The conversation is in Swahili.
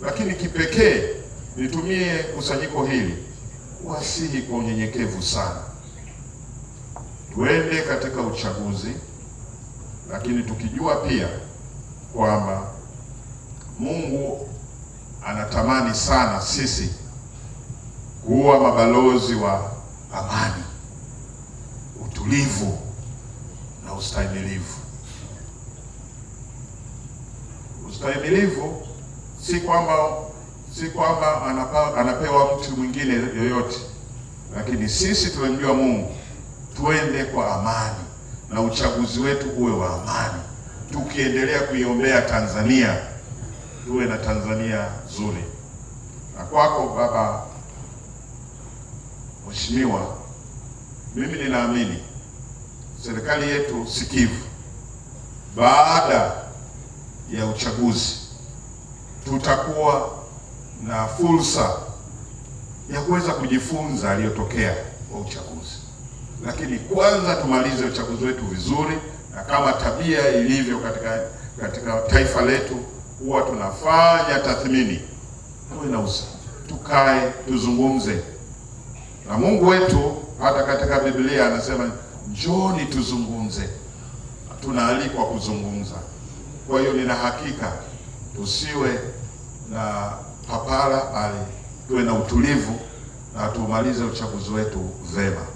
Lakini kipekee nitumie kusanyiko hili wasihi kwa unyenyekevu sana, tuende katika uchaguzi, lakini tukijua pia kwamba Mungu anatamani sana sisi kuwa mabalozi wa amani, utulivu na ustahimilivu. Ustahimilivu si kwamba si kwamba anapewa mtu mwingine yoyote, lakini sisi tunamjua Mungu, tuende kwa amani na uchaguzi wetu uwe wa amani, tukiendelea kuiombea Tanzania, tuwe na Tanzania nzuri. Na kwako baba mheshimiwa, mimi ninaamini serikali yetu sikivu baada ya uchaguzi tutakuwa na fursa ya kuweza kujifunza aliyotokea wa uchaguzi, lakini kwanza tumalize uchaguzi wetu vizuri, na kama tabia ilivyo katika katika taifa letu huwa tunafanya tathmini, tuwe na usawa, tukae tuzungumze na Mungu wetu. Hata katika Biblia anasema njoni tuzungumze, tunaalikwa kuzungumza. Kwa hiyo nina hakika tusiwe na papara pale tuwe na utulivu na tumalize uchaguzi wetu vema.